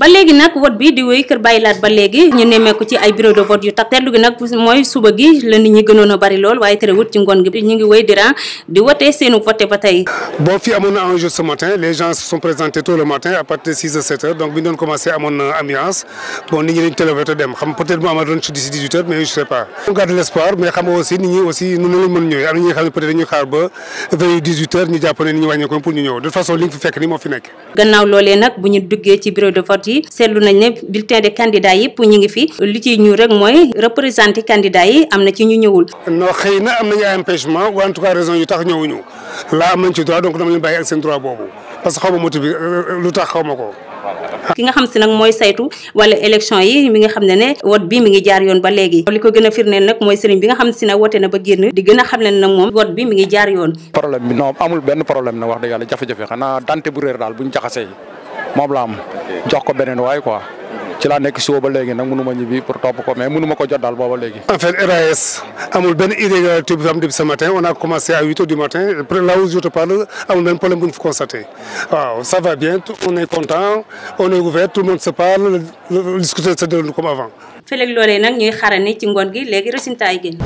ba léegi nag vote bi di wéy kër bàyyi ba léegi ñu nemmeeku ci ay bureau de vote yu tax seetlu gi nag mooy suba gi la nit ñi gënoon bari lool waaye terewut ci ngoon gi ñu ngi wéy di di wote seenu vote ba tey bon fii amoon na enjeu ce nit ñi dañ teel a dem xam peut-être mu amatoon ci mais je sais pas on garde l'espoir mais xam aussi nit ñi aussi noonu lañ mën ñëwee am na ñi xam ne peut-être xaar ba veille 18 heures ñu jàpp nit yi seetlu nañ ne bulletin de candidat yëpp ñu ngi fi li ciy ñu rek mooy représenté candidat yi am na ci ñu ñëwul non xëy na am nañu ay empêchement ou en tout cas raison yu tax ñëwuñu laa am nañ ci droit donc euh, ma ko yi mi nga xam ne ne wote bi mi ngi jaar yoon ba léegi li ko gën a firndeel nag mooy sëriñ bi nga xam si nag wote na ba génn di gën a xam leen nag moom wote bi mi ngi jaar yoon problème bi non amul benn problème nag wax dëgg yàlla jafe-jafe xanaa dante bu réer daal buñ jaxasee moom la am jox ko beneen waay quoi ci laa nekk suba ba léegi nag mënu ma ñibbi pour topp ko mais mënu ma ko jot daal booba léegi. en RAS amul benn irrégularité bu fi matin on a commencé à huit heures du matin là où je te parle amul benn problème bu fi constaté waaw ça va bien on est content on est ouvert tout monde se parle discuter se déroule comme avant. fëleeg loolee nag ñuy xaarandi ci ngoon gi léegi résultat yi